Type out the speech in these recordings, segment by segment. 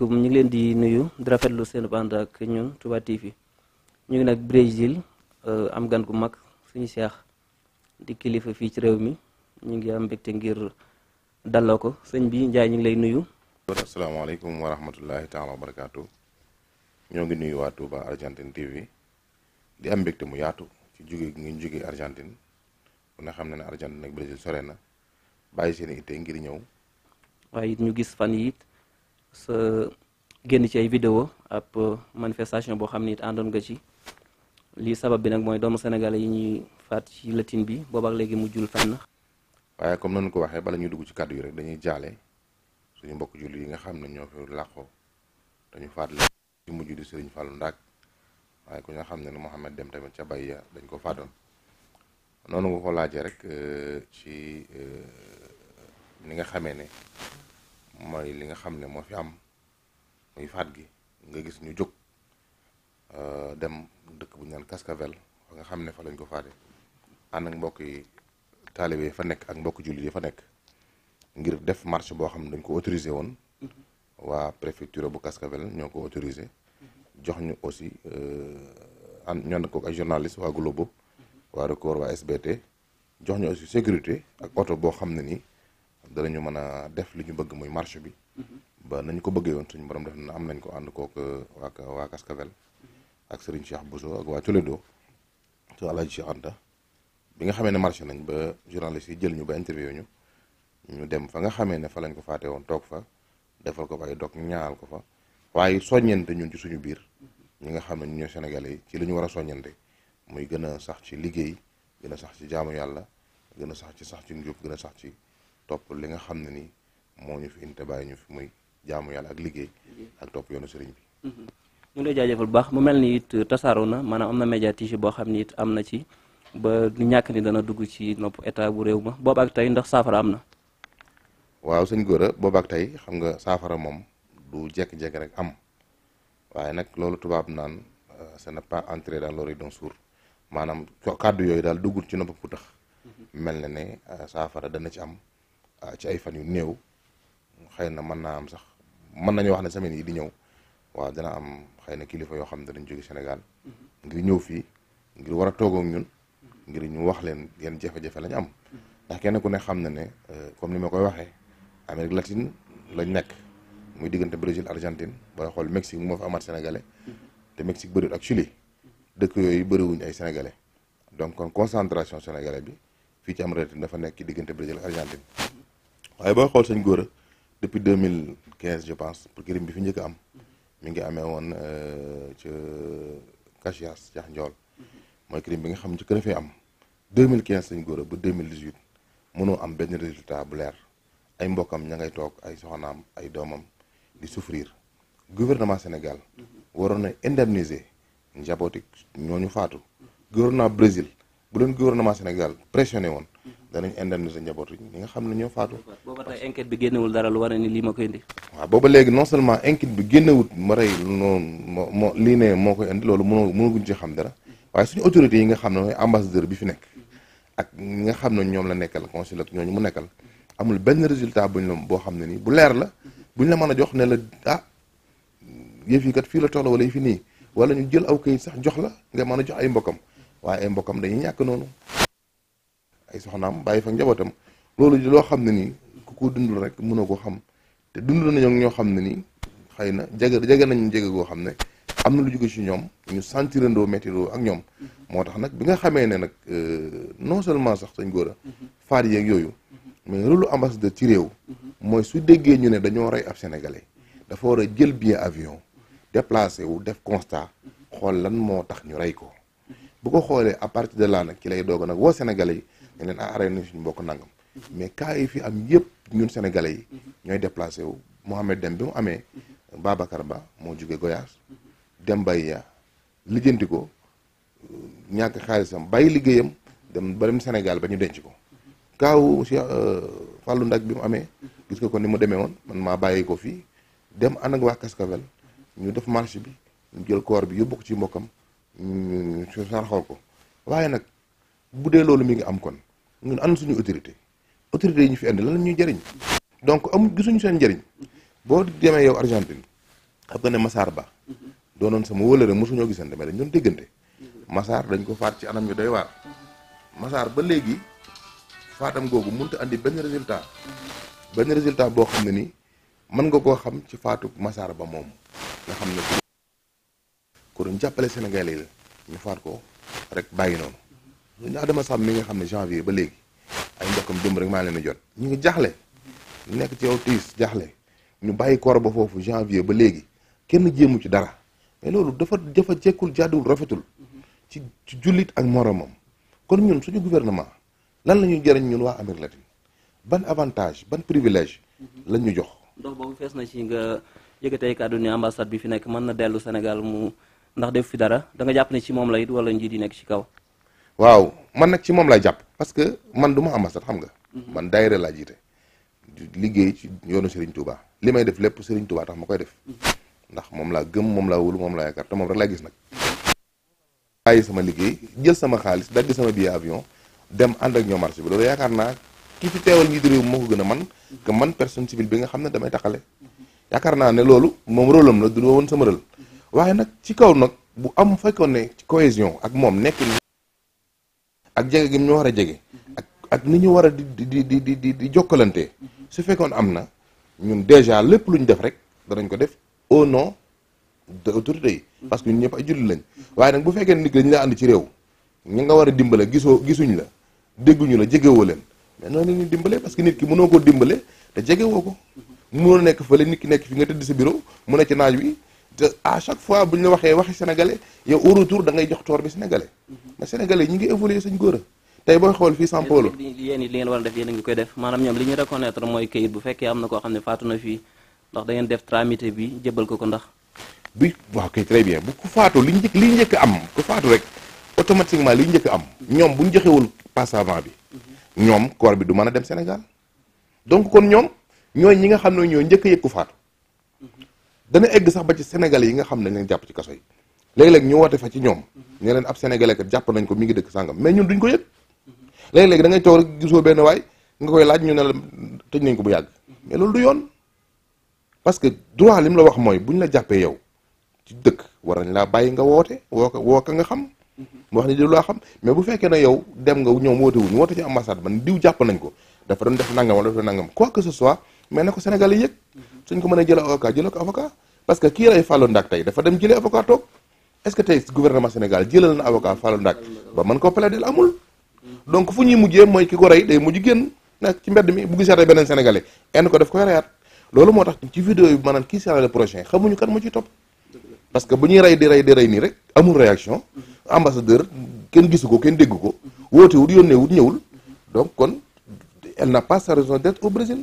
ñu ngi leen di nuyu di rafetlu seen ànd ak ñun Touba TV ñu ngi nag Brésil euh, am gan gu mag suñu seex di kilifa fii ci réew mi ñu ngi am mbégte ngir dalloo ko sëñ bi Ndiaye ñu ngi lay nuyu. asalaamaaleykum wa rahmatullahi taala wa barakaatu ñoo ngi nuyu waa Touba Argentine TV di am mbégte mu yaatu ci jóge Argentine bu xam ne ne Argentine ak Brésil sore na bàyyi seen itte ngir ñëw. waaye it ñu gis fan yi sa génn ci ay vidéo ab manifestation boo xam ni it àndoon nga ci lii sabab bi nag mooy doomu sénégalais yi ñuy faat ci latin bi boobaak léegi mujjul fenn. waaye comme noonu ko waxee bala ñuy dugg ci kàddu yi rek dañuy jaale suñu mbokk julli yi nga xam ne ñoo fi làqoo dañu faat mujj di Serigne Ndaak waaye ku nga xam ne Mouhamed Dem tamit ca Bayya dañ ko faatoon noonu nga ko laajee rek euh, ci euh, ni nga xamee ne mooy li nga xam ne moo fi am muy faat gi nga gis ñu jóg euh, dem dëkk bu ñu naan Cascavel nga xam ne fa lañ ko faate ànd ak mbokk yi taalibe yi fa nekk ak mbokk jullit yi fa nekk ngir def marché boo xam ne dañ ko autorisé woon mm-hmm. waa préfecture bu Cascavel ñoo ko autorisé mm-hmm. jox ñu aussi euh, an ñoo na ko ay journaliste waa Globo mm-hmm. waa Record waa SBT jox ñu aussi sécurité ak oto boo xam ne nii danañu mën a def li ñu bëgg muy marché bi mhm. ba nañ ko bëggee woon suñu borom def na am nañ ko ànd kook euh, waa waa Kaskavel mhm. ak Serigne Cheikh Bousso ak waa Toledo ci Alaaji Cheikh Anta bi nga xamee ne marché nañ ba journaliste yi jël ñu ba interview ñu ñu dem fa nga xamee ne fa lañ ko faate woon toog fa defal ko fa ay dog ñaal ko fa waaye soññante ñun ci suñu biir mhm. ñi nga xam ne ñu ñoo Sénégalais ci li ñu war a soññante muy gën a sax ci liggéey gën a sax ci jaamu yàlla gën a sax ci sax ci njub gën sax ci topp li nga xam ne ni moo ñu fi inte bàyyi ñu fi muy jaamu yàlla ak liggéey ak topp yoonu sëriñ bi mhm. ñu ngi lay jaajëfal bu baax mu mel ni it uh, tasaaroo na maanaam am na média tigi boo xam ni it am na ci ba du ñàkk ni dana dugg ci nopp état bu réew ma boobu tey ndax saafara am na waaw sëñ góora boobu ak tey xam nga saafara moom du jekk-jekk rek am waaye nag loolu tubaab naan euh, ce n'est pas entré dans l'oreille suur maanaam kàddu yooyu daal duggul ci nopp ku tax mhm. mel na ne euh, saafara dana ci am Ah, ci ay fan yu néew xëy na mën naa am sax mën nañu wax ne semaine yi di ñëw waaw dana am xëy na kilifa yoo xam ne danañ jóge Sénégal mm-hmm. ngir ñëw fii ngir war a toogook ñun ngir ñu wax leen yenn jafe-jafe lañ am mm-hmm. ndax kenn ku ne xam na ne euh, comme ni ma koy waxee Amérique latine lañ nekk muy diggante Brésil Argentine booy xool Mexique moo fa amaat sénégalais mm-hmm. te Mexique bëriwul ak dëkk yooyu bëriwuñ ay sénégalais donc kon concentration sénégalais bi fii ci am relative dafa nekk ci diggante Brésil Argentine waaye boo xool sëñ góor a depuis 2015 je pense pour gërëm bi fi njëkk am mi ngi amee woon euh, ca Cachias Diakh Ndiol mooy crime bi nga xam ne ci kër fi am 2015 sëñ góor a ba 2018 mënoo am benn résultat bu leer ay mbokkam ña ngay toog ay soxnaam ay doomam di souffrir gouvernement Sénégal waroon na indemniser njabooti ñooñu faatu gouvernement Brésil bu leen gouvernement Sénégal pressionné woon danañ indemniser njaboot yi ñi nga xam ne ñoo faatu. booba tey enquête bi génnewul dara lu war a ni lii ma koy indi. waaw booba léegi non seulement enquête bi génnewut ma rey moo moo lii ne moo koy indi loolu mënoo mënaguñ ci xam dara waaye suñu autorités yi nga xam ne mooy ambassadeur bi fi nekk ak nga xam ne ñoom la nekkal consulat ñooñu mu nekkal amul benn résultat buñ la boo xam ne nii bu leer la buñ la mën a jox ne la ah yëf yi fii la toll wala yëf nii wala ñu jël aw kayit sax jox la nga mën a jox ay mbokkam waaye mbokkam dañuy ñàkk noonu ay soxnaam bàyyi fa njabootam loolu di loo xam ne nii ku ko dundul rek mënoo ko xam te dundul nañoo ñoo xam ne nii xëy na jege jege nañu jege goo xam ne am na lu jóge ci ñoom ñu sentirandoo méttiroo ak ñoom mm-hmm. moo tax nag bi nga xamee ne nag euh, non seulement sax sañ góor a mm-hmm. faar yeeg yooyu mm-hmm. mais rôle ambassadeur ci réew mooy su déggee ñu ne dañoo rey ab sénégalais dafa war a jël billet avion déplacé wu def constat xool lan moo tax ñu rey ko bu ko xoolee à partir de là nag ci lay doog nag woo sénégalais yi ne leen ah arrêté nañ suñu mbokk nangam mais cas yi fi am yëpp ñun sénégalais yi ñooy déplacé wu Mohamed Dem bi mu amee Babacar Ba moo jóge Goyaas dem Bahiya lijjanti ko ñàkk xaalisam bàyyi liggéeyam dem ba dem Sénégal ba ñu denc ko kaaw Cheikh Fallou Ndak bi mu amee gis nga ko ni mu demee woon man maa bàyyi ko fii dem ànd ak waa Cascavel ñu def marché bi ñu jël koor bi yóbbu ko ci mbokkam ñu sarxal ko waaye nag bu dee loolu mi ngi am kon ñu am suñu autorité autorité yi ñu fi andi lan la ñuy jëriñ donc amul gisuñu seen njëriñ boo demee yow Argentine xam nga ne Massar Ba doonoon sama wóolëre mosuñoo gisante mais dañ doon déggante Massar dañ ko faat ci anam yu day waar masaar ba léegi faatam googu mënta andi benn résultat benn résultat boo xam ne ni mën nga koo xam ci faatu Massar Ba moom nga xam ne ko doon jàppale sénégal la ñu faat ko rek bàyyi noonu ñun Adama Samb mi nga xam ne janvier ba léegi ay mbokkam démb rek maa leen na jot ñu ngi jaxle nekk ci yow tiis jaxle ñu bàyyi koor ba foofu janvier ba léegi kenn jéemu ci dara mais loolu dafa dafa jekkul jàdduwul rafetul ci ci jullit ak moromam kon ñun suñu gouvernement lan la ñuy jëriñ ñun waa Amérique latine ban avantage ban privilège lañ ñu jox. ndox boobu fees na ci nga yëkkatee kàddu ni ambassade bi fi nekk mën na dellu Sénégal mu ndax def fi dara da jàpp ne ci moom la it wala njiit yi nekk ci kaw. waaw man nag ci moom laay jàpp parce que man du ma ambassade xam nga. Mhm. man daayira laa jiite. liggéey ci yoonu Serigne Touba li may def lépp Serigne Touba tax ma koy def. Mhm. ndax moom laa gëm moom laa wóolu moom laa yaakaar te moom rek gis nag. bàyyi sama liggéey jël sama xaalis dagg sama billet avion dem ànd ak ñoo marché bi yaakaar naa ki fi teewal njiitu réew moo ko gën a man mhm. que man personne civile bi nga xam ne damay taxale yaakaar naa ne loolu moom rôle am la du woon sama rôle waaye nag ci kaw nag bu am fekkoon ne ci cohésion ak moom nekk ak jege gi ñu war a jege. ak ak ni ñu war a di di di di di di jokkalante. su fekkoon am na ñun déjà lépp lu ñu def rek danañ ko def au nom de autorité yi. parce que ñun ñëpp ay jullit lañ. waaye nag bu fekkee nit dañ la ànd ci réew ñu nga war a dimbale gisoo gisuñ la dégguñu la jegewoo leen mais noonu la dimbale parce que nit ki mënoo koo dimbale te jegewoo ko. mënoo nekk fële nit ki nekk fi nga tëdd sa bureau mu a ci naaj wi. te à chaque fois bu ñu la waxee waxi sénégalais yow au retour da ngay jox toor bi sénégalais mhm. mais sénégalais ñu ngi évoluer sañ góor a tey booy xool fii san Paulo yéen li ngeen war a def yéen a ngi koy def maanaam ñoom li ñu reconnaître mooy kayit bu fekkee am na koo xam ne faatu na fii ndax da ngeen def tramité bi jëbal ko ko ndax bi waaw kay ku faatu li njëkk li njëkk am ku faatu rek automatiquement li njëkk am mhm. ñoom bu ñu joxewul passe avant bi mhm. ñoom corps bi du mën a dem Sénégal donc kon ñoom ñooy ñi nga xam ne ñoo njëkk a yëg ku faatu dana egg sax ba ci sénégalais yi nga xam ne dañ leen jàpp ci kaso yi léeg ñu woote fa ci ñoom ne leen ab sénégalais kat jàpp nañ ko mi ngi dëkk sàngam mais ñun ko yëg léeg-léeg da rek gisoo benn waay nga koy laaj ñu ne la tëj nañ ko bu yàgg mais loolu du yoon parce que droit li mu la wax mooy bu ñu la jàppee yow ci dëkk war nañ laa bàyyi nga woote woo ko woo ko nga xam mu wax ni di laa xam mais bu fekkee ne yow dem nga ñoom woote wuñu woote ci ambassade man diw jàpp nañ ko dafa doon def nangam wala dafa nangam quoi que ce soit mais na ko Sénégal yi yëg suñ ko mën a jëlee avocat jëlee ko avocat parce que kii rey Fallou Ndak tey dafa dem jëlee avocat toog est-ce que tey gouvernement Sénégal jëlal na avocat Fallou Ndak ba mën koo plaider amul donc fu ñuy mujjee mooy ki ko rey day mujj génn nag ci mbedd mi bu gisaatee beneen sénégalais en ko daf koy reyaat loolu moo tax ci vidéo bi maanaam kii sera le prochain xamuñu kan moo ci topp parce que bu ñuy rey di rey di rey nii rek amul réaction ambassadeur kenn gisu ko kenn dégg ko woote wul yónnee wul ñëwul donc kon elle n'a pas sa raison d'être au Brésil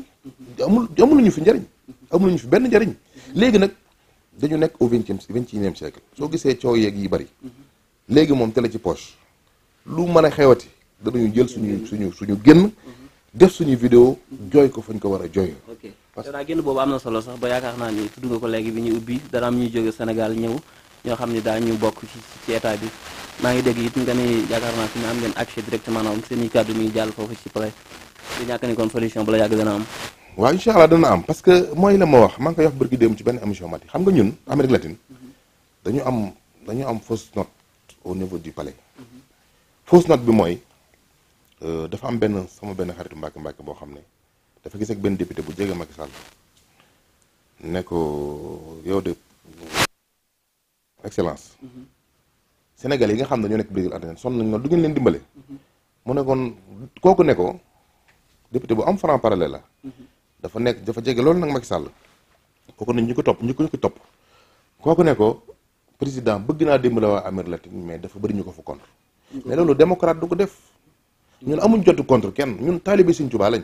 amul amuluñu fi njëriñ amuluñu fi benn njëriñ léegi nag dañu nekk au vingtième vingt et si siècle soo gisee coow yeeg yi bari léegi moom la ci poche lu mën a xewati danañu jël suñu suñu suñu génn def suñu vidéo jooy ko fañ ko war a jooyoo parce que daa génn boobu am na solo sax ba yaakaar naa ni tudd nga ko léegi bi ñu ubbi dara am ñuy jóge Sénégal ñëw ñoo xam ne daa ñu bokk ci ci bi maa ngi dégg it nga ne yaakaar naa fi ne am ngeen accès directement maanaam seen i kàddu mi ngi jàll foofu ci presse du ñàkk ni la yàgg dana am waa incha allah dana am parce que mooy la ma wax maa ngi koy wax bërki démb ci benn émission mati xam nga ñun Amérique latine dañu am dañu am fausse note au niveau di palais fausse note bi mooy euh, dafa am benn sama benn xaritu mbàkk mbàkk boo xam ne dafa gis benn député bu jege Macky Sall ne ko yow de excellence Sénégal yi nga xam ne ñoo nekk Brésil Argentine sonn nañ du ngeen leen dimbale mm-hmm. mu ne kon kooku nekko député bu am franc parler la. dafa nekk dafa jege loolu nag Macky Sall kooku nag ñu ko topp ñu ko ñu ko topp kooku ne ko président bëgg naa dimbali waa Amérique latine mais dafa bëri ñu ko fa contre. mais loolu démocrate du ko def. ñun amuñ jot contre kenn ñun taalibe Sëñ Tuubaa lañ.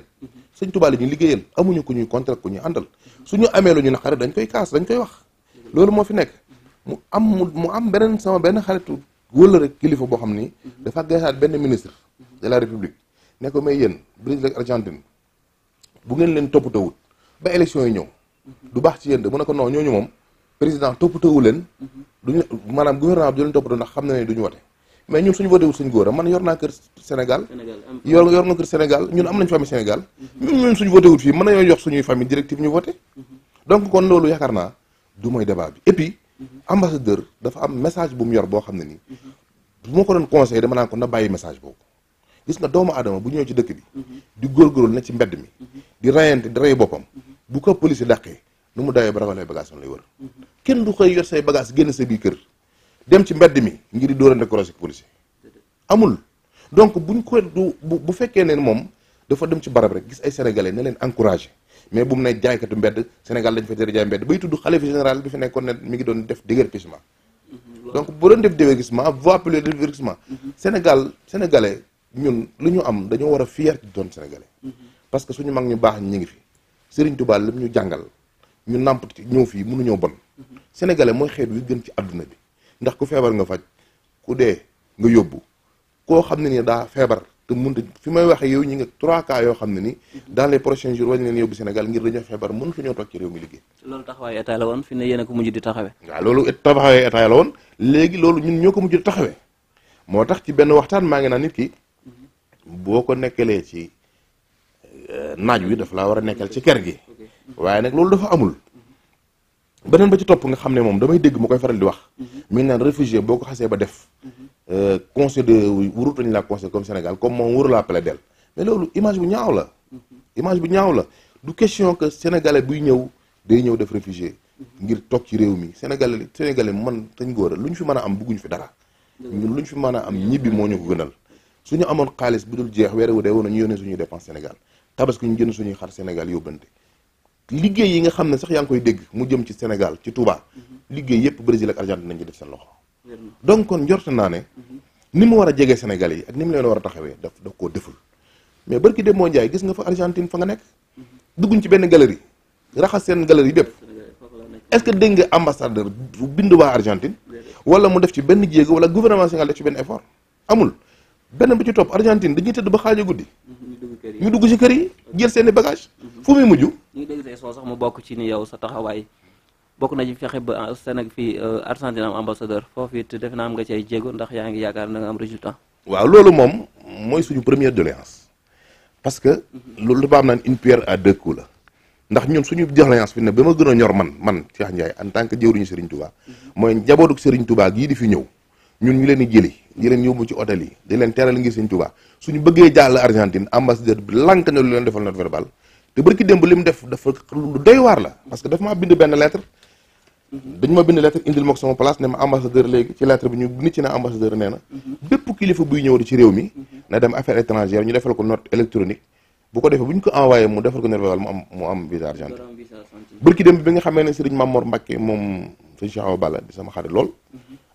Sëñ Tuubaa la ñu liggéeyal amuñu ku ñuy contre ku ñu àndal suñu amee lu ñu naqare dañ koy kaas dañ koy wax. loolu moo fi nekk mu am mu mu am beneen sama benn xaritu wëla rek kilifa boo xam ni. dafa gëstaat benn ministre de la république. nekk ko mais yéen Brésil ak Argentine bu ngeen leen toppatawut ba élection yi ñëw du baax ci yéen de mu ne ko non ñooñu moom président toppatawu leen duñu maanaam gouvernement bi du leen toppatoo ndax xam na ne du ñu wote mais ñun suñu voté wul suñ góor a man yor naa kër Sénégal yor yor nga kër Sénégal ñun am nañ famille Sénégal ñun ñun suñu voté wul fii mën nañoo jox suñuy famille directive ñu voté donc kon loolu yaakaar naa du mooy débat bi et puis ambassadeur dafa am message bu mu yor boo xam ne nii bu ko doon conseillé bàyyi message boobu gis nga doomu aadama bu ñëwee ci dëkk bi di góorgóorlu na ci mbedd mi di rayante di rey boppam bu ko police daqe nu mu dawee ba rafale bagage lay wër kenn du xëy yor say bagage génn sa biir kër dem ci mbedd mi ngir di dóorante croisé police amul donc buñ ko du bu fekkee ne moom dafa dem ci barab rek gis ay sénégalais na leen mais bu mu ne jaaykatu mbedd Sénégal dañ fa tere mbedd bay tudd xalifa général bi fi nekkoon ne mi ngi doon def déguerpissement mmh. donc bu doon def déguerpissement voie pluriel de déguerpissement mmh. Sénégal sénégalais ñun lu ñu am dañoo war a fier ci doon sénégalais. parce que suñu mag ñu baax ñu ngi fi Serigne Touba lim ñu jàngal ñu nàmp ci ñëw fii mun mënuñoo bon. sénégalais mooy xeet wi gën ci àdduna bi ndax ku feebar nga faj ku dee nga yóbbu koo xam ne ni daa feebar te mënut fi may waxee yow trois cas yoo xam ne ni. Mhm. daal les prochains jours wañ leen yóbbu Sénégal ngir dañoo feebar mënatuñoo toog ci réew mi liggéey. loolu fi ne yéen a ko di taxawee. waaw loolu taxawaayu état la woon léegi loolu ñun ñoo ko mujj di taxawee moo tax ci benn waxtaan maa ngi naan nit ki boo ko nekkalee ci euh, naaj wi dafa laa war a nekkal ci kër gi waaye nag loolu dafa amul beneen ba ci topp nga xam ne moom damay dégg mu koy faral di wax mhm. mi ngi naan réfugié boo ko xasee ba def mhm. euh, considéré wurutañ laa considéré comme Sénégal comme moom wuru laa plaidel mais loolu image bu ñaaw la mhm. image bu ñaaw la du question que sénégalais buy ñëw day ñëw def réfugié ngir toog ci réew mi sénégalais sénégalais man tañ góor lu ñu fi mën a am bugguñu fi dara ñun lu ñu fi mën a am ñibbi moo ñu ko gënal su ñu amoon xaalis bu dul jeex weerewu dee woon ñu yónnee suñuy dépense Sénégal tabaski ñu jënd suñuy xar Sénégal yóbbante liggéey yi nga xam ne sax yaa ngi koy dégg mu jëm ci Sénégal ci Touba mhm. liggéey yépp Brésil ak Argentine nañ ci def seen loxo donc kon njort naa ne mhm. ni mu war a jegee Sénégal yi ak ni mu leen war a taxawee daf daf koo deful mais barki dem moo njaay gis nga fa Argentine fa nga nekk mhm. dugguñ ci benn galerie raxas seen galerie bépp est-ce que dégg nga ambassadeur bind waa Argentine wala mu def ci benn jéego wala gouvernement Sénégal ci benn effort amul benn bi ci topp Argentine dañuy tëdd ba xaaju guddi. ñu dugg ci kër yi jël seen i bagage mhm. fu muy mujj. ñu ngi sax mu bokk ci ni yow sa taxawaay bokk na ci fexe ba Sénégal fii euh, Argentine am ambassadeur foofu it defe naa am nga ci ay jéego ndax yaa ngi yaakaar na nga am résultat. waaw loolu moom mooy suñu première doléance parce que. Mhm. loolu dafa am naan une pierre à deux la. ndax ñun suñu doléance fi ne ba ma gën a ñor man man Cheikh Ndiaye en tant que jëwriñu Serigne Touba. Mhm. mooy njabootu Serigne Touba gii di fi ñëw. ñun ñu leen di jëli di leen yóbbu ci hôtel yi di leen teral ngir sëñ Tuubaa suñu bëggee jàll Argentine ambassadeur bi lànk na lu leen defal note verbal te barki li mu def dafa lu doy waar parce que dafa maa benn lettre dañu ma bind lettre indil ma ko sama place ne ma ci lettre bi ñu nit ci na ambassadeur nee na kilifa buy ñëw di ci réew mi na dem affaire étrangère ñu defal ko note électronique ko defee bu ñu ko envoyé mu defal ko note verbal mu am mu am visa Argentine barki démb bi nga xamee ne sëriñ Mamour Mbacke moom sëñ Cheikh Awa Balla bi sama xarit lool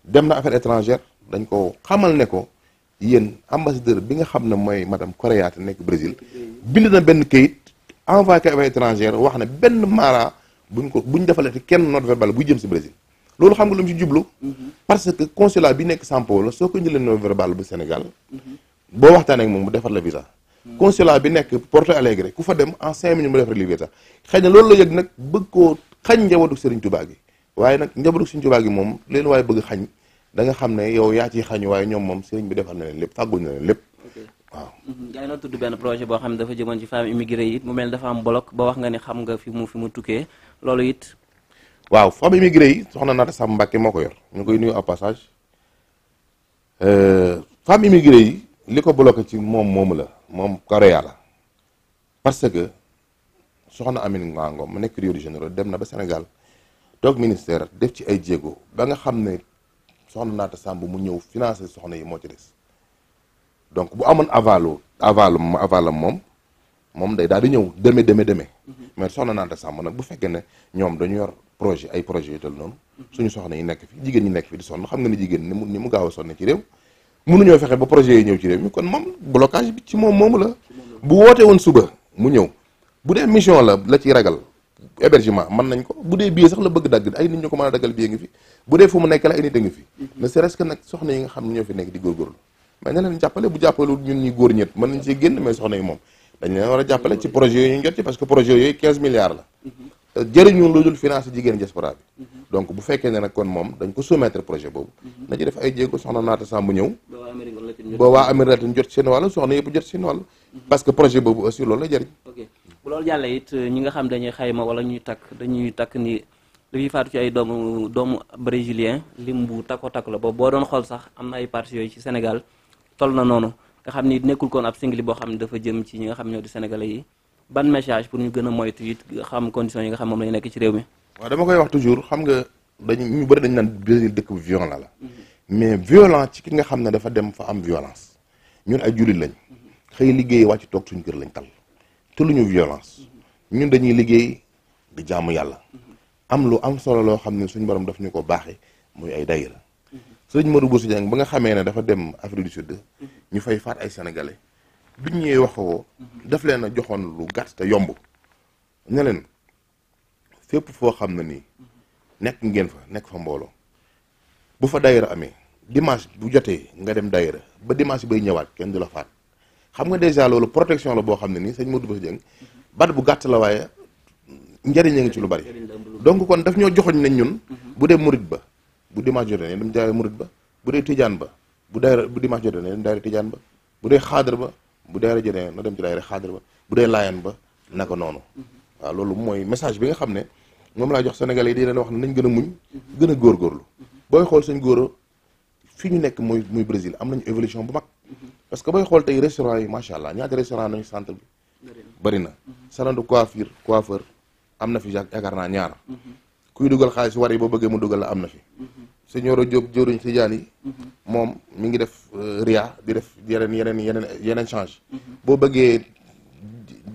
dem na affaire étrangère dañ ko xamal ne ko yéen ambassadeur bi nga xam ne mooy madame Correa te nekk Brésil bind na benn kayit envoyé ko affaire étrangère wax ne benn mara buñ ko buñ defalati kenn note verbale bu jëm si Brésil loolu xam nga lu mu ci jublu mm-hmm. parce que consulat bi nekk São Paulo soo ko jëlee note verbale bu Sénégal mm-hmm. boo waxtaan ak moom mu defar la visa mm-hmm. consulat bi nekk Porto Alegre ku fa dem en cinq minutes mu defar la visa xëy na loolu la yëg nag bëgg koo xañ njabootu Serigne Touba gi waaye nag njaboot suñ Tuubaa gi moom leen waaye bëgg xañ danga xam ne yow yaa ciy xañu waaye ñoom moom sëriñ bi defal na leen lépp fàgguñ na leen lépp waaw mhm. yaa ngi tudd benn projet boo xam ne dafa jëmoon ci femme immigré yi it mu mel dafa am bloc ba wax nga ne xam nga fi mu fi mu tukkee loolu it waaw femme immigré yi soxna Naata Samb Mbàkke moo ko yor ñu koy nuyu au passage euh, femme immigré yi li ko bloqué ci moom moomu la moom Korea la parce que soxna Amine Ngango mu nekk Rio de Janeiro dem na ba Sénégal donc ministère def ci ay jéego ba nga xam ne soxna Naata Samb mu ñëw financer soxna yi moo ci des donc bu amoon avalu avalum avalam moom moom day daal di ñëw deme deme deme mhm. mais soxna Naata Samb nag bu fekkee ne ñoom dañu yor projet ay projet yu tal noonu mhm. suñu soxna yi nekk fi jigéen ñi nekk fi di sonn xam nga ni jigéen ni mu ni mu gaaw a sonne ci réew mënuñoo fexe ba projet yi ñëw ci réew mi kon moom blocage bi ci moom moomu la bu wootee woon suba mu ñëw bu dee mission la la ciy ragal hébergement mën nañ ko bu dee billet sax la bëgg dagg ay nit ñu ko mën a daggal billet ngi fi bu dee fu mu nekk la ay nit a ngi fi mm-hmm. ne serait-ce nag soxna yi nga xam ne ñoo fi nekk di na leen góor ñett mën nañ see moom dañ leen jàppale ci projet yooyu ñu jot ci parce que projet yooyu 15 milliards la mm-hmm. jëriñu lu dul financer jigéen diaspora bi mm-hmm. donc bu fekkee ne nag kon moom dañ ko soumettre projet boobu na ci def ay jéego soxna naata Samb ñëw ba waa Amérique Latine jot seen la jëriñ bu loolu jàllee it euh, ñi nga xam dañuy xayma wala ñuy takk dañuy takk ni li fi faatu ci ay doomu doomu brésilien lim bu takko takk la boobu boo doon xool sax am na ay parties yooyu ci Sénégal tol na noonu nga xam ni nekkul koon ab boo xam ne dafa jëm ci ñi nga xam ñoo di sénégalais yi ban message pour ñu gën a moytu it xam condition yi nga xam moom lañu nekk ci réew mi. waaw dama koy wax toujours xam nga dañu ñu bëri dañu naan Brésil dëkk la mais violent ci ki nga xam ne dafa dem fa am violence ñun ay jullit lañ mhm. xëy liggéey wàcc toog suñu kër lañ tal lu ñu violence ñun dañuy liggéey di jàmm yàlla am lu am solo loo xam ne suñ borom daf ñu ko baaxee muy ay dayira sëriñ Modou Bousso Dieng ba nga xamee ne dafa dem Afrique du Sud ñu fay faat ay sénégalais biñ ñëwee wax ko daf leen a joxoon lu gàtt te yomb ne leen fépp foo xam ne nii nekk ngeen fa nekk fa mbooloo bu fa dayira amee dimanche bu jotee nga dem dayira ba dimanche bay ñëwaat kenn du la faat xam nga dèjà loolu protection la boo xam ne nii sëñ Modou Bousso Dieng bat bu gàtt la waaye njëriñ a ngi ci lu bari donc kon daf ñoo joxoñ nañ ñun bu dee murit ba bu dimanche jotee ne dem daayira murit ba bu dee tijaan ba bu daayira bu dimanche jotee ne dem daayira tijaan ba bu dee xaadar ba bu daayira jotee na dem ci daayira ba bu dee laayan ba naka noonu waaw loolu mooy message bi nga xam ne moom laa jox sénégal yi di leen wax ne nañ gën a muñ gën a góor góorlu booy xool sañ góor fi ñu nekk mooy muy Brésil am nañu évolution bu mag parce que booy xool tey restaurant yi macha allah ñaata restaurant nañu centre bi. bëri na salon de coiffure coiffeur am na fi yaakaar naa ñaar. kuy dugal xaalis war yi boo bëggee mu dugal la am na fi. Señooro Diop jëwriñ Tijaan yi moom mi ngi def euh, ria di def yeneen yeneen yeneen yeneen change boo bëggee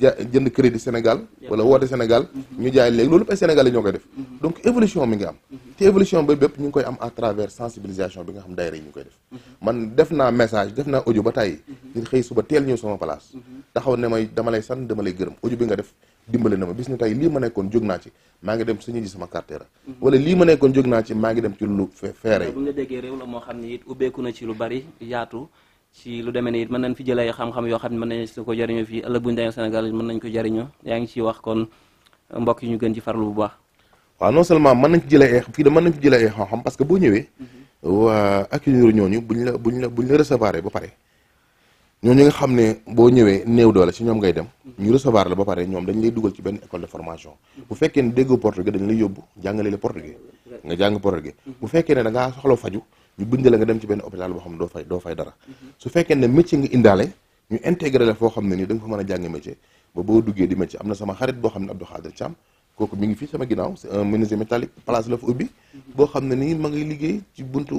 jënd crédit Sénégal wala woote Sénégal ñu jaay léegi loolu sénégal Sénégalais ñoo koy def donc évolution mi ngi am te évolution ba bépp ñu ngi koy am à travers sensibilisation bi nga xam daayira yi ñu koy def man def naa message def naa audio ba tàyyi nit xëy suba teel ñëw sama place taxaw ne may dama lay san dama lay gërëm audio bi nga def dimbale na ma bis ni tey lii ma nekkoon jóg naa ci maa ngi dem suñu ji sama cartera wala lii ma nekkoon jog naa ci maa ngi dem ci lu feere bu nga déggee réew la moo xam ne it na ci lu bari yaatu ci lu demee ne it mën nañ fi jëlee xam-xam yoo xam ne mën nañ si ko jëriñoo fii ëllëg bu ñu demee Sénégal mën nañ ko jariñoo yaa ngi ciy wax kon mbokk yi ñu gën ci farlu bu baax waaw non seulement mën nañ ci jëlee ay fii da mën nañ ci jëlee ay xam-xam parce que boo ñëwee mhm. waa accueillir ñooñu ñu la buñ la buñ la recevoir ba pare ñooñu nga xam ne boo ñëwee néew doole si ñoom ngay dem mhm. ñu recevoir la ba pare ñoom dañu lay dugal ci benn école de formation mhm. bu fekkee ne déggoo portugais dañ lay yóbbu jàngale la portugais nga jàng portugais bu fekkee ne da ngaa soxla faju ñu bind la nga dem ci benn hôpital boo xam ne doo fay doo fay dara su fekkee ne métier xam ne nii da nga fa mën a jàng métier ba boo duggee di métier am na sama boo xam ne Abdou Khadir Thiam kooku mi ngi boo xam ne nii ma ngi liggéey ci buntu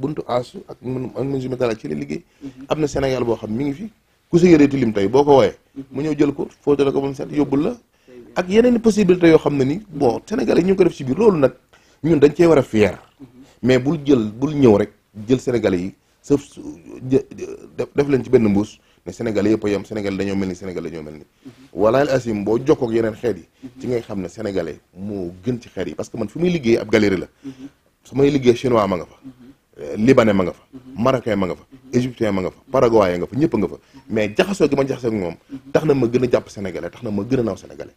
buntu asu ak ak menuisier liggéey am na Sénégal boo xam mi ngi fi ku sa yëreeti lim tey boo ko wooyee mu ñëw jël ko fóotal la ko ba mu set yóbbul la ak yeneen possibilité yoo xam ne ni bon Sénégal yi ñu ngi ko def ci biir loolu nag ñun dañ cee war a fier mais bul jël bul ñëw rek jël sénégalais yi sa def leen ci benn mbuus ne sénégalais yëpp a yem dañoo mel ni sénégalais dañoo mel ni walaal asim boo jokkoo ak yeneen xeet yi ci ngay xam ne sénégalais moo gën ci xeet yi parce que man fi muy liggéey ab galerie la su may liggéey chinois ma nga fa libanais ma nga fa marocain ma nga fa égyptien ma nga fa paraguayen nga fa ñëpp nga fa mais jaxasoo gi ma jaxasoo moom tax na ma gën a jàpp sénégalais tax na ma gën a naaw sénégalais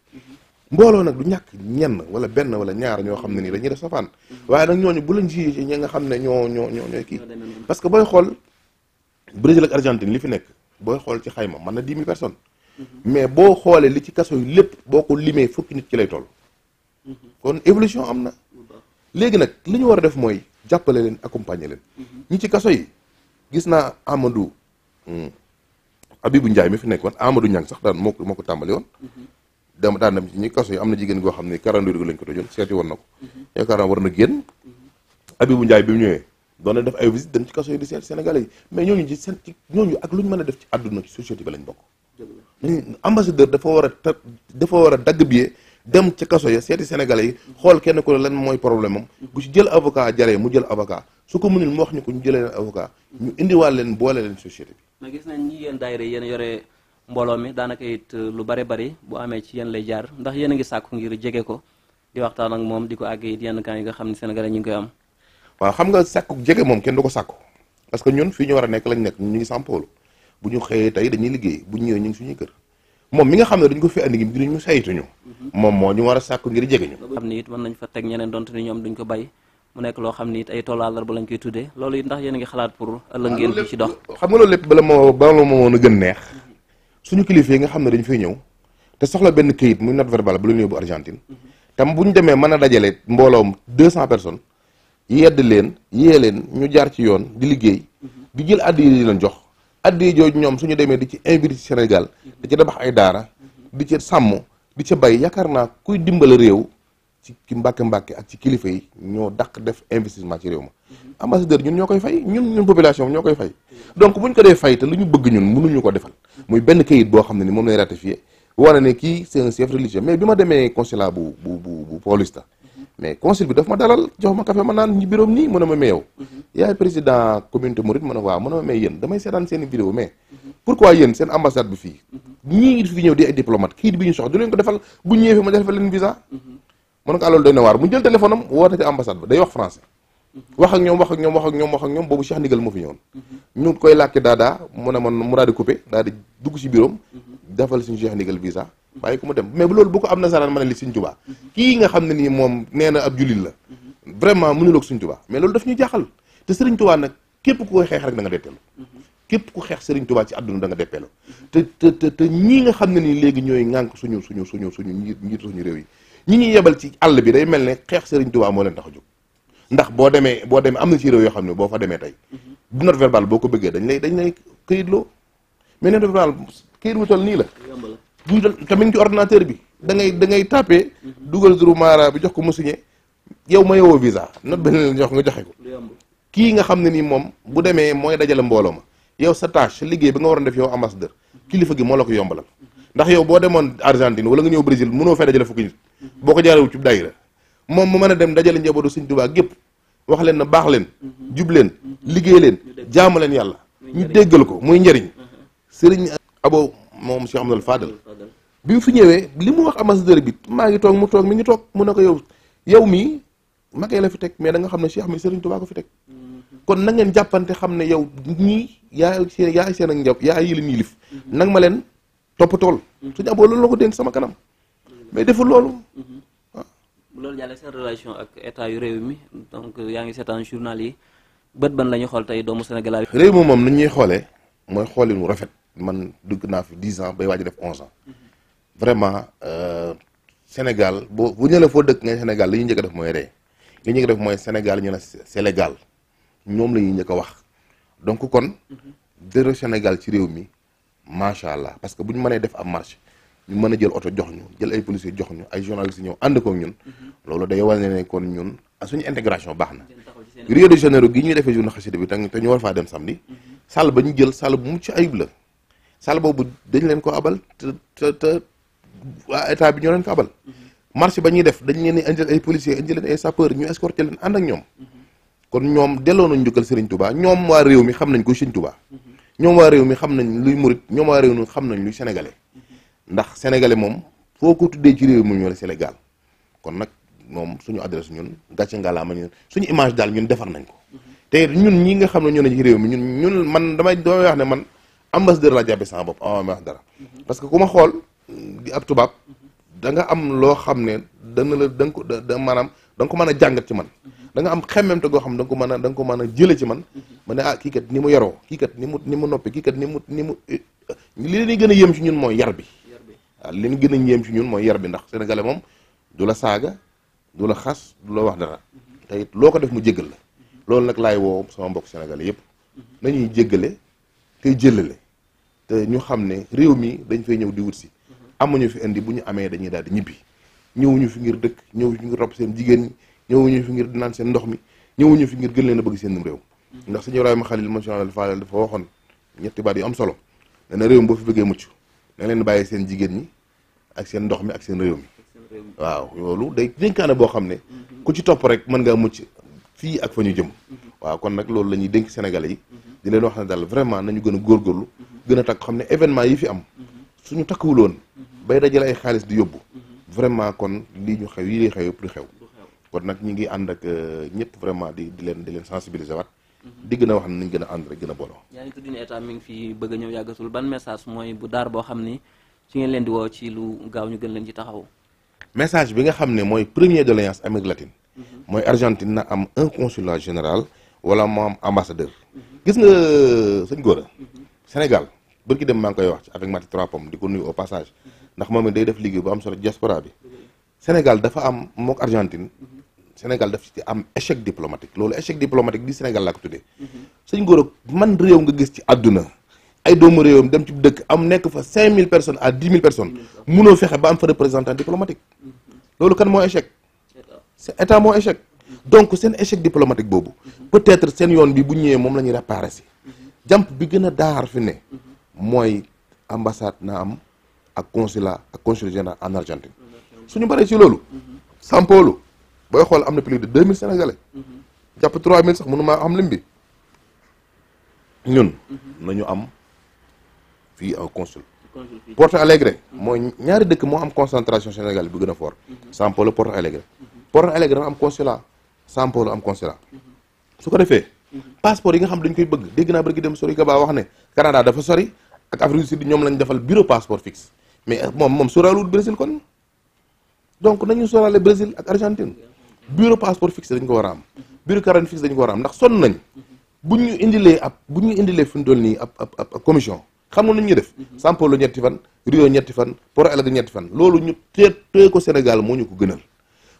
mbooloo nag du ñàkk ñenn wala benn wala ñaar ñoo xam ne nii dañuy def safaan waaye nag ñooñu bu lañ jiyee ñi nga xam ne ñoo ñoo ñoo ñooy kii parce que booy xool Brésil ak Argentine li fi nekk booy xool ci xayma mën na dix mille personnes mm-hmm. mais boo xoolee li ci kaso yu lépp boo ko limee fukki nit ci lay tool mm-hmm. kon évolution am na léegi nag li ñu war a def mooy jàppale leen accompagner leen mm-hmm. ñi ci kaso yi gis naa Amadou hmm, Abibou Ndiaye mi fi nekk woon Amadou sax daan moo ko tàmbali woon dama daan dem ci ñi kaso yi am na jigéen goo xam ne quarante deux lañ ko tojoon seeti woon na ko yaakaar naa war na génn Abibou Ndiaye bi mu ñëwee doon na def ay visite dem ci kaso yi di mais ñooñu ci ñooñu ak lu ñu mën def ci àdduna ci société bi lañ bokk ambassadeur war a ta dafa war a dagg biyee dem ca kaso ya seeti sénégalais yi xool kenn ku ne lan mooy problème am ku ci jël avocat jaree mu jël avocat su ko mënul mu wax ñu ko ñu jëlee leen avocat ñu indiwaal leen boole leen société bi mais gis nañ ñi yéen daayira mbooloo mi daanaka it euh, lu bare bari bu amee ci yéen lay jaar ndax yéen ngi sàkk ngir jege ko di waxtaan ak moom di ko àgg it yenn cas yi nga xam ne Sénégalais ñu ngi koy am. waaw xam nga sàkku jege moom kenn du ko sàkku parce que ñun fii ñu war a nekk lañ nekk ñu ngi sàmpoolu bu ñu xëyee tey dañuy liggéey bu ñëwee ñu ngi suñuy kër moom mi nga xam ne dañ ko fi ñu saytuñu mhm. moom moo ñu war a sàkk ngir jege ñu xam ni it mën nañ fa teg ñeneen donte ni ñoom duñ ko bay mu nekk loo xam ni it ay tollaalar ba lañ koy tuddee loolu it ndax yéen a ngi xalaat pour ëllëg ngeen bi ci dox xam nga loolu lépp bala moo bala moo mën a suñu kilifa yi nga xam ne dañu fay ñëw te soxla benn këyit muy note verbale bu la ñu yóbbu Argentine tam bu ñu demee mën a dajale mbooloom deux cent personnes yedd leen yee leen ñu jaar ci yoon di liggéey di jël addi yi leen jox addi yi jooju ñoom suñu demee di ci invité Sénégal di ci tabax ay daara di ci sàmm di ci bay yaakaar naa kuy dimbale réew ci mbàkke mbàkke ak ci kilifa yi ñoo dàq def investissement ci réew ma ambassadeur ñun ñoo koy fay ñun ñun population ñoo koy fay donc buñ ko dee fay te lu ñu bëgg ñun mënuñu ko defal muy benn kayit boo xam ne ni moom lay ratifié wane ne kii c'est un chef religieux mais bi ma demee consulat bu bu bu bu mais consul bi daf ma dalal jox ma café ma naan ñi biroom nii mën a ma meew yaay président communauté mouride mën a waaw mën a ma may yéen damay seetaan seen vidéo mais pourquoi yéen seen ambassade bi fii ñii fi ñëw di ay diplomate kii bi ñu soxla du leen ko defal bu ñëwee fi ma defal leen mu jël téléphone am woote ci ba day wax français wax ak ñoom wax ak ñoom wax ak ñoom wax ak ñoom boobu Cheikh Ndigal moo fi ñëwoon mhm. ñu koy làkke daadaa mu ne man mu daal di coupé daal di dugg si biiroom mhm. defal suñu Cheikh Ndigal visa bàyyi ko mu dem mais loolu bu ko am na saraan ma ne li suñ tubaa mhm. kii nga xam ne nii moom nee na ab jullit la vraiment mënuloo ak suñ tubaa mais loolu daf ñu jaaxal te sëriñ tubaa nag képp ku koy xeex rek da nga detteelu képp ku xeex sëriñ tubaa ci àdduna da nga detteelu te te te ñii nga xam ne nii léegi ñooy ŋànk suñu suñu suñu suñu njiit suñu réew yi ñi ñuy yebal ci àll bi day mel ne xeex sëriñ tubaa moo leen tax a ndax boo demee boo demee am na ci réew yoo xam ne boo fa demee tey du note verbal boo ko bëggee dañ lay dañ lay këyitloo mais note verbal këyit bu toll nii la bu tamit ci ordinateur bi da ngay da ngay tapé mhm. dugal turu Mara bi jox ko mu signé yow ma yowoo visa note ba leen jox nga joxe ko kii nga xam ne nii moom bu demee mooy dajale mbooloo ma yow sa tâche sa liggéey bi nga waroon def yow ambassadeur mhm. kilifa gi moo la ko yombalal mhm. ndax yow boo demoon Argentine wala nga ñëw Brésil mënoo fee dajale fukki nit boo ko jaarewul ci daayira moom mu mën a dem dajale njabootu Sëñ Tuubaa gépp wax leen na baax leen jub leen liggéey leen jaamu leen yàlla ñu déggal ko muy njëriñ uh-huh. sëriñ aboo moom Cheikh Amadou Fadal bi mu fi ñëwee li mu wax ambassadeur bi maa ngi toog mu toog mi ngi toog mu ne ko yow yow mii magee la fi teg mais da nga xam ne Cheikh mi sëriñ Tuubaa ko fi teg uh-huh. kon na ngeen jàppante xam ne yow ñii yaa seen seen ak njab yaa yi leen yilif uh-huh. nag ma leen topp tool suñu aboo loolu la ko dénk sama kanam mais deful loolu loolu jàllee seen relation ak état yu réew mi donc yaa ngi seetaan journal yi bët ban la ñuy xool tey doomu Sénégal. réew mi moom ni ñuy xoolee mooy xoolin wu rafet man dugg naa fi dix ans bay waaj def onze ans mm-hmm. vraiment euh, Sénégal boo bu ñu foo dëkk nga Sénégal li ñu njëkk def mooy ree li ñu def mooy Sénégal ñu ne Sénégal ñoom la ñuy njëkk wax donc kon. Mm-hmm. dërë Sénégal ci réew mi macha allah parce que bu ñu mënee def am marche. ñu mën a jël oto jox ñu jël ay policiers jox ñu ay si ñëw ànd koog ñun loolu day wane ne kon ñun ah, suñu intégration baax na Rio de Janeiro gi ñuy defee journée xasida bi te ñu war faa dem samedi salle ba ñu jël salle bu mucc ayib la salle boobu dañu leen ko abal te te te waa état bi ñoo leen ko abal ba ñuy def dañ leen di indil ay policiers indil leen ay ñu escorter leen ànd ak ñoom kon ñoom delloo nañ njukkal Serigne Touba ñoom waa réew mi xam nañ ko Serigne tubaa mhm. ñoom waa réew mi xam nañ luy murit ñoom waa réew mi xam nañ luy sénégalais ndax sénégalais moom foo ko tuddee ci réew mu ñu la Sénégal kon nag moom suñu adresse ñun gàcce ngalaama ñun suñu image daal ñun defar nañ ko te ñun ñi nga xam ne ñoo ne ci réew mi ñun ñun man damay damay wax ne man ambassadeur laa jàppe sama bopp ah ma wax parce que ku ma xool ab tubaab da nga am loo xam ne dana la da nga ko da maanaam da nga ko mën a jàngat ci man da nga am xemmemte goo xam da nga ko mën a da nga ko mën a jële ci man ma ne ah kii kat ni mu yaroo kii kat ni mu ni mu noppi kii kat ni mu ni mu li leen gën a yem ci ñun mooy yar bi waaw li ñu gën a ñeem ci ñun mooy yar bi ndax sénégalais moom du la saaga du la xas du la wax dara te loo ko def mu jéggal la loolu nag laay woo sama mbokk sénégalais yëpp nañuy jéggale tey jëlale te ñu xam ne réew mi dañ fay ñëw di am si ñu fi indi bu ñu amee dañuy daal di ñibbi ñëwuñu fi ngir dëkk ñëwuñu fi ngir topp seen jigéen ñëwuñu fi ngir naan seen ndox mi ñëwuñu fi ngir gën leen a bëgg seen réew ndax sëñ Ibrahima Khalil Moussa Fall dafa waxoon ñetti baat yu am solo nee na réew mi bëggee mucc da leen bàyyi seen jigéen ñi ak seen ndox mi ak seen réew mi waaw loolu day dénkaane boo xam ne ku ci topp rek mën nga mucc fii ak fa ñu jëm waaw kon nag loolu la ñuy dénk sénégal yi di leen wax ne daal vraiment nañu gën a góorgóorlu gën a takk xam ne événement yi fi am suñu takkuwuloon bay dajale ay xaalis di yóbbu vraiment kon lii ñu xew yi lii xew yëpp lu xew kon nag ñu ngi ànd ak euh, ñëpp vraiment di di leen di leen sensibiliser waat di gën a wax ne nañ gën a ànd rek gën a booloo. yaa ngi ngi fi bëgg a ñëw yàggatul ban message mooy bu daar boo xam ni su ngeen leen di woo ci lu gaaw ñu gën leen ci taxaw. message bi nga xam ne mooy premier de l'Alliance Amérique latine. Mhm. mooy Argentine na am un consulat général wala mu am ambassadeur. Mhm. gis nga euh, sëñ Gora. Mhm. Sénégal bërki dem maa ngi koy wax ci avec Mati Trois Pommes di ko nuyu au passage ndax moom it day def liggéey bu am solo diaspora bi. Sénégal dafa am moo Argentine. Sénégal daf ci am échec diplomatique loolu échec diplomatique di Sénégal laa ko tuddee. sëñ Gora man réew nga gis ci àdduna ay doomu réewam dem ci dëkk am nekk fa mille personnes à 10 000 personnes munoo fexe ba am fa représentant diplomatique. loolu kan moo échec. c'est état moo échec. donc seen échec diplomatique boobu. peut-être seen yoon bi bu ñëwee moom la ñuy réparer si. jàmp bi gën a daar fi ne. mooy ambassade na am ak consulat ak consulat général en booy xool am na plus de deux mille sénégalais. Mhm. jàpp trois mille sax mënu maa xam lim bi. ñun. Mhm. nañu am fii un consul. Porto Alegre. Mhm. mooy ñaari dëkk moo am concentration sénégalais bi gën a fort. São Paulo Porto Alegre. Porto Alegre am consulat. São am consulat. su ko defee. passeport yi nga xam dañ koy bëgg dégg naa bëgg dem sori Gaba wax ne Canada dafa sori ak Afrique du Sud ñoom lañ defal bureau passeport fixe mais moom moom sóoraaluwul Brésil kon donc nañu sóoraale Brésil ak Argentine. bureau passeport fixé dañ ko war a am bureau carène fixé dañ ko war a ndax sonn nañ bu ñu indilee ab bu ñu indilee fu ñu nii ab commission xam nga lu ñu def Sampolo ñetti fan Rio ñetti fan Port Elhadj ñetti fan loolu ñu tee tee ko Sénégal moo ñu ko gënal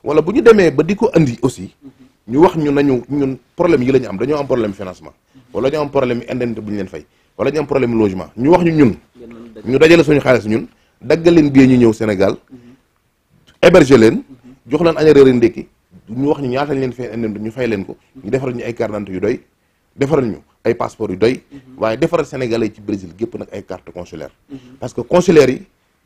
wala bu ñu demee ba di ko indi aussi ñu wax ñu nañu ñun problème yi la ñu am dañoo am problème financement wala ñu am problème indemnité bu ñu leen fay wala ñu am problème logement ñu wax ñu ñun ñu dajale xaalis ñun daggal leen biyee ñu ñëw Sénégal mhm. héberger leen jox leen añ a réer ñu wax ñu ñaata leen fay indemnité ñu fay leen ko ñu defaral ñu ay carte d'identité yu doy defaral ñu ay passeport yu doy mhm. waaye defaral sénégalais ci Brésil gépp nag ay carte consulaire mhm. parce que consulaire yi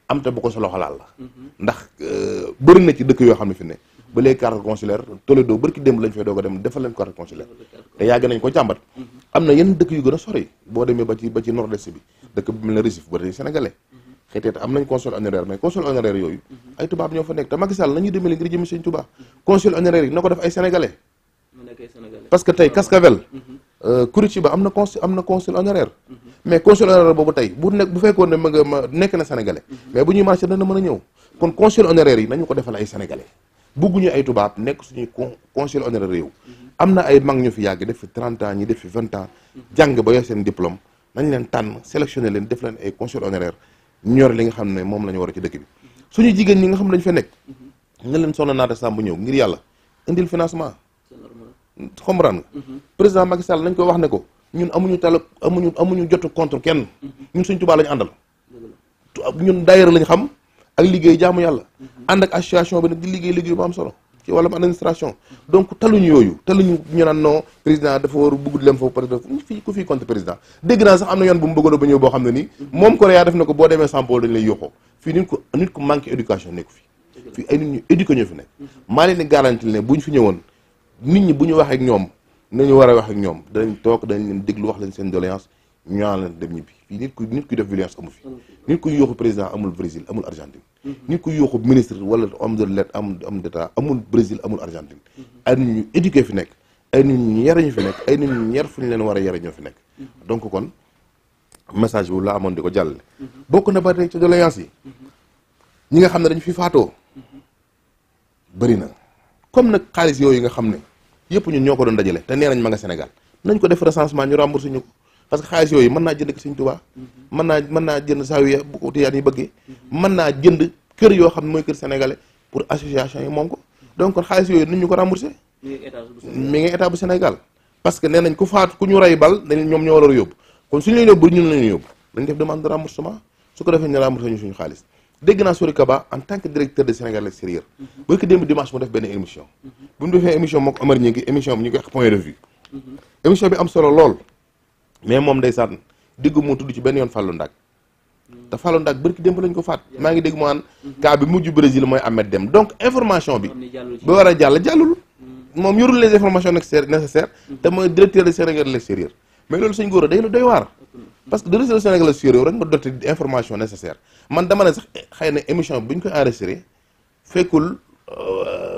am bu ko solo loxo laal la mhm. ndax euh, bëri na ci dëkk yoo xam ne fi ne ba léegi carte consulaire Toledo bari ki démb lañ fay doog dem defal leen carte consulaire te yàgg nañ ko càmbat am na yenn dëkk yu gën a sori boo demee ba ci ba ci nord-est bi dëkk bi mel ne Recife xëy na am nañ consul honoraire mais consul honoraire yooyu ay tubaab ñoo fa nekk te Macky Sall nañuy dimbali ngir jëm sëñ Tuubaa consul honoraire yi mhm. euh, am na consul am mhm. mais consul boobu tey bu nekk bu fekkoon ne ma nga ma nekk na sénégalais mhm. mais bu ñuy marché dana mën a ñëw kon consul honoraire yi nañu ko defal ay sénégalais bugguñu ay tubaab nekk suñuy consul honoraire réew am na ay mag ñu fi yàgg def fi 30 ans ñi def fi 20 ans jàng ba yor seen diplôme nañ leen tànn sélectionné leen def leen ay consul honoraire ñor li nga xam ne moom la ñu war ci dëkk bi suñu jigéen ñi nga xam ne dañu nekk nga leen soxna naata sàmm ñëw ngir yàlla indil financement comprendre nga président Macky Sall nañ ko wax ne ko ñun amuñu tal amuñu amuñu jotu contre kenn ñun suñ tubaa lañu àndal ñun daayira lañ xam ak liggéey jaamu yàlla ànd ak association bi nag di liggéey liggéey bu am solo ci wàllum administration donc taluñu yooyu taluñu ñu naan non président dafa war a bugg di lem foofu parce que fii ku fii compte président dégg naa sax am na yoon bu mu bëggoon a ba ñëw boo xam ne nii moom Korea def na ko boo demee Sampol dañ lay yoxoo fii nit ko nit ko manqué éducation fi fii ay nit ñu ñoo fi nekk maa leen di garanti ne bu ñu fi ñëwoon nit ñi bu ñu wax ak ñoom nañu war a wax ak ñoom danañ toog danañ leen déglu wax leen seen doléance ñaan leen dem ñibbi fii nit ku nit kuy def violence amu fi nit kuy président amul Brésil amul Argentine nit kuy yooxu ministre wala homme de lettre am homme d'état amul Brésil amul Argentine ay nit ñu éduqué fi nekk ay nit ñu yar ñu fi nekk ay nit ñu yar fu ñu leen war a yare ñoo fi nekk donc kon message wu la amoon di ko jàllale bokk na ba tey ci doléance yi ñi nga xam ne dañu fi faatoo bëri na comme nag xaalis yooyu nga xam ne yëpp ñun ñoo ko doon dajale te nee nañ ma nga Sénégal nañ ko def recensement ñu remboursé ñu parce que xaalis yooyu mën naa jënd ki sëñ Tuubaa mën naa naa jënd saawiya bu ko tiyaan naa jënd kër yoo xam ne mooy kër sénégalais pour association yi moom ko donc kon xaalis yooyu nañ ko remboursé mi ngi état bu Sénégal nee nañ ku faatu ku ñu rey bal ñoo war a yóbbu kon suñu leen def demande de remboursement su ko defee ñu remboursé ñu suñu xaalis dégg naa Sori Kaba en tant que directeur de Sénégal extérieur boo ko démb dimanche mu def benn émission bu mu defee émission moo ko Omar ñi ngi émission bi ñu koy wax point de vue mhm. émission bi am solo lool mais moom ndeysaan diggu mu tudd ci benn yoon Fallou Ndak te Fallou Ndak bërki démb lañ ko faat maa ngi dégg mu an cas bi mujj Brésil mooy Ahmed Dem donc information bi ba war a jàll jàllul mm. moom yorul les informations nécessaires mm. te mooy directeur de Sénégal de l'extérieur mais loolu suñ góor a day lu doy waar parce que directeur de Sénégal de l'extérieur rek nga doté information nécessaire man dama ne sax xëy na émission bi bu ñu koy enregistré fekkul euh,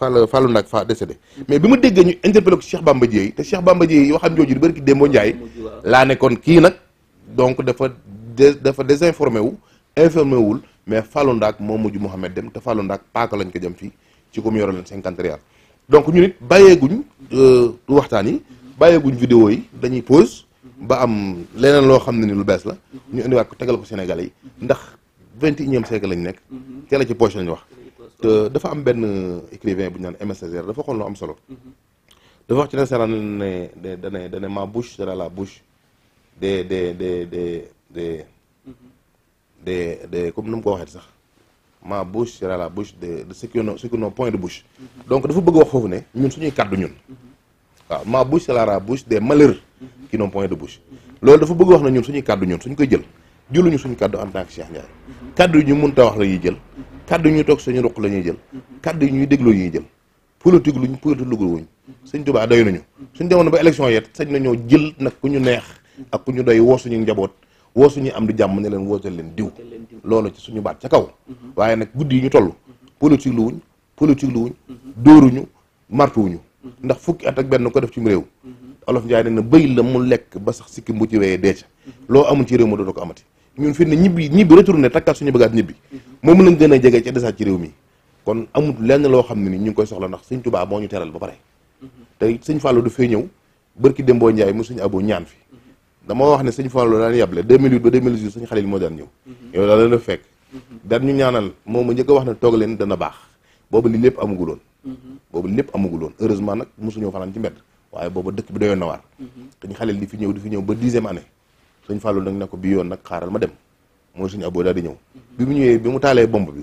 Fall Fallou Ndak faa décédé mais bi ma déggee ñu interpellé ko Cheikh Bamba Dièye te Cheikh Bamba Dièye yoo xam jooju di bëri ki Demba Ndiaye laa nekkoon kii nag donc dafa dafa désinformé wu informé wul mais Fallou Ndak moo mujj Mouhamed dem te Fallou Ndak paaka lañ ko jëm fii ci ko mu yoroon leen cinquante rial donc ñu nit bàyyeeguñ euh, waxtaan yi bàyyeeguñ vidéo yi dañuy pause ba am leneen loo xam ne ni lu bees la ñu indiwaat ko tegal ko Sénégalais yi ndax vingt et unième siècle lañ nekk teel a ci wax dafa am benn écrivain bu ñu naan Aimé Césaire dafa xool lu am solo. dafa wax ci nasaraan ne ne dane dane ma bouche sera la bouche de des de des des comme nu mu ko waxee sax ma bouche sera la bouche de de ce qui ce qui n'ont point de bouche. donc dafa bëgg wax foofu ne ñun suñuy kàddu ñun. waaw ma bouche sera la bouche des malheurs. qui n'ont point de bouche. loolu dafa bëgg wax ne ñun suñuy kàddu ñun suñ koy jël jëluñu suñu kàddu am tant que Cheikh Ndiaye. kàddu yi ñu mënta wax la ñuy jël. kàddu yi ñuy toog suñu ruq la ñuy jël kàddu yi ñuy déglu ñuy jël politique luñ politique lugul wuñ sëñ Tuubaa doy nañu suñ demoon ba élection yet sañ nañoo jël nag ku ñu neex ak ku ñu day woo suñu njaboot woo suñu am du jàmm ne leen wootal leen diw loolu ci suñu baat ca kaw waaye nag guddi yi ñu toll politique lu wuñ politique lu wuñ dóoruñu martuwuñu ndax fukki at ak benn ko def ci réew olof Njaay ne na bëy la mu lekk ba sax sikki mbu ci weyee deeca loo amul ci réew ma dootoo ko amati ñun fi ne ñibbi ñibbi ne takkaat suñu bëggaat ñibbi moom lañ gën a jege ci desaat ci réew mi kon amul lenn loo xam ne ni ñu ngi koy soxla ndax sëñ Tuubaa moo ñu teral ba pare te sëñ Fallou du fee ñëw bërki Dembo Ndiaye mu suñu Aboo ñaan fi dama wax ne sëñ Fallou daan yàble 2008 ba 2018 sëñ Xalil moo daan ñëw yow daa la fekk daan ñu ñaanal moom ma njëkk wax ne toog leen dana baax boobu li lépp amuguloon boobu lépp amuguloon heureusement nag mosuñoo fanaan ci mbedd waaye booba dëkk bi doyoon na waar dañ mhm. Xalil fi ñëw di fi ñëw ba dixième année dañ Fallou nag ne ko bii yoon nag xaaral ma dem mooy suñu aboo daal di ñëw bi mu ñëwee bi mu taalee bomb bi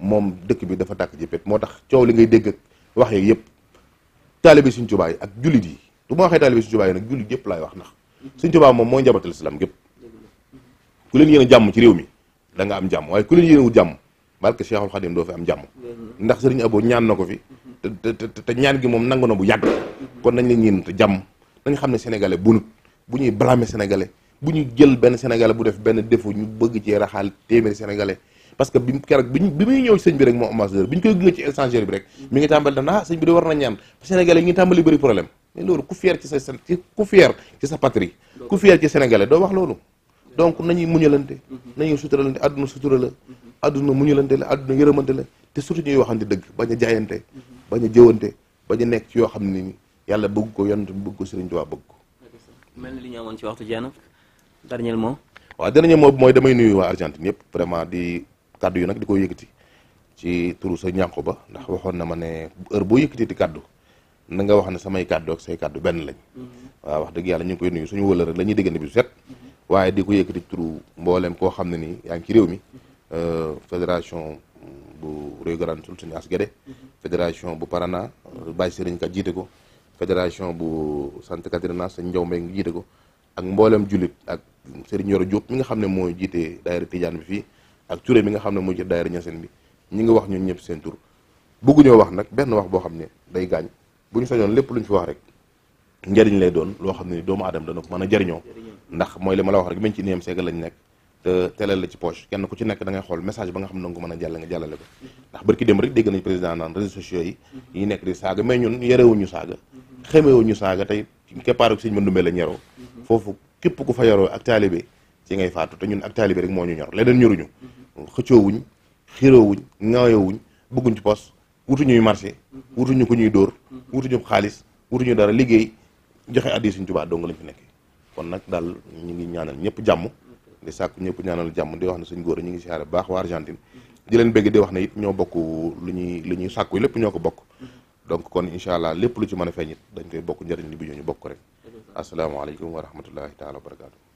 moom dëkk bi dafa tàkk jëppet moo tax coow li ngay dégg ak wax yeeg yëpp taalibe Sëñ Tuubaa yi ak jullit yi du ma waxee taalibe Sëñ Tuubaa yi nag jullit yëpp laay wax ndax Sëñ Tuubaa moom mooy njabatal islam gépp ku leen yéen jàmm ci réew mi da nga am jàmm waaye ku leen yéen jàmm barke Cheikhul Khadim doo fi am jàmm ndax sëriñ Abo ñaan na ko fi te te ñaan gi moom nangu na bu yàgg kon nañ leen ñeen jàmm nañ xam ne sénégalais bunut bu ñuy blâmer sénégalais bu ñu jël benn sénégalais bu def benn défaut ñu bëgg ci raxaal téeméeri sénégalais parce que bi keroog bi bi muy ñëw sëñ bi rek moo ambassadeur bi ñu koy gunge ci étranger bi rek mi ngi tàmbali daan ah sëñ bi de war na ñaan sénégalais yi ngi tàmbali bëri problème mais loolu ku fier ci sa ku fier ci sa patrie ku fier ci sénégalais doo wax loolu donc nañuy muñalante nañuy suturalante àdduna sutura la àdduna muñalante la àdduna yërëmante la te surtout ñuy waxante a nekk ci yoo xam ne ni yàlla bëgg ko yonent bëgg ko sëriñ bëgg ko mel na ci waxtu jeex na dernier moom waaw dernier mot mooy damay nuyu waa Argentine yëpp vraiment di kaddu yu nag di ko yëkkati ci turu sa ñànko ba ndax waxoon na ma ne heure boo yëkkati di kaddu na nga wax ne samay kaddu ak say kaddu benn lañ. Mm-hmm. waaw wax dëgg yàlla ñu koy nuyu suñu wëla rek la ñuy déggante bi set. Mm-hmm. waaye di ko yëkkati turu mbooleem koo xam ne nii yaa ngi ci réew mi. Mm-hmm. Euh, fédération bu Rio Grande Sul suñu as gede fédération bu Paraná bàyyi sëriñ ka jiite ko. fédération bu Santa Catarina sëñ Njaw Mbay ngi jiite ko ak mbooleem jullit ak. Serigne Yoro Diop mi nga xam ne moo jiite daayira Tidiane bi fii ak Touré mi nga xam ne moo jiite daayira Niassène bi ñi ngi wax ñun ñëpp seen tur bëgguñoo wax nag benn wax boo xam ne day gaañ bu ñu sañoon lépp lu ñu fi wax rek njëriñ lay doon loo xam ne doomu aadama dana ko mën a jariñoo ndax mooy la ma la wax rek même ci néem seega lañ nekk te teelal la ci poche kenn ku ci nekk da ngay xool message ba nga xam ne danga ko mën a jàll nga jàllale ko ndax barki dem rek dégg nañ président naan réseaux sociaux yi yi nekk di saaga mais ñun yarewuñu saaga xemewuñu saaga tey keppaaru sëñ Mandoumbe la ñeroo foofu képp ku fa yoroo ak taalibe ci ngay faatu te ñun ak taalibe rek moo ñu ñor leneen ñoruñu xëccoowuñ xiroowuñ ŋaayowuñ bëgguñ ci pos wutuñuy marché wutuñu ku ñuy dóor wutuñu xaalis wutuñu dara liggéey joxe addi suñ tubaa dong lañ fi nekkee kon nag daal ñu ngi ñaanal ñëpp jàmm di sàkku ñëpp ñaanal jàmm di wax ne suñ góor ñu ngi siyaare bu baax waa Argentine di leen bëgg di wax na it ñoo bokk lu ñuy lu ñuy sàkku lépp ñoo ko bokk donc kon incha allah lépp lu ci mën a feeñit dañ koy bokk njëriñ li bi ñu bokk rek asalaamaaleykum wa rahmatullahi taala wa barakaatu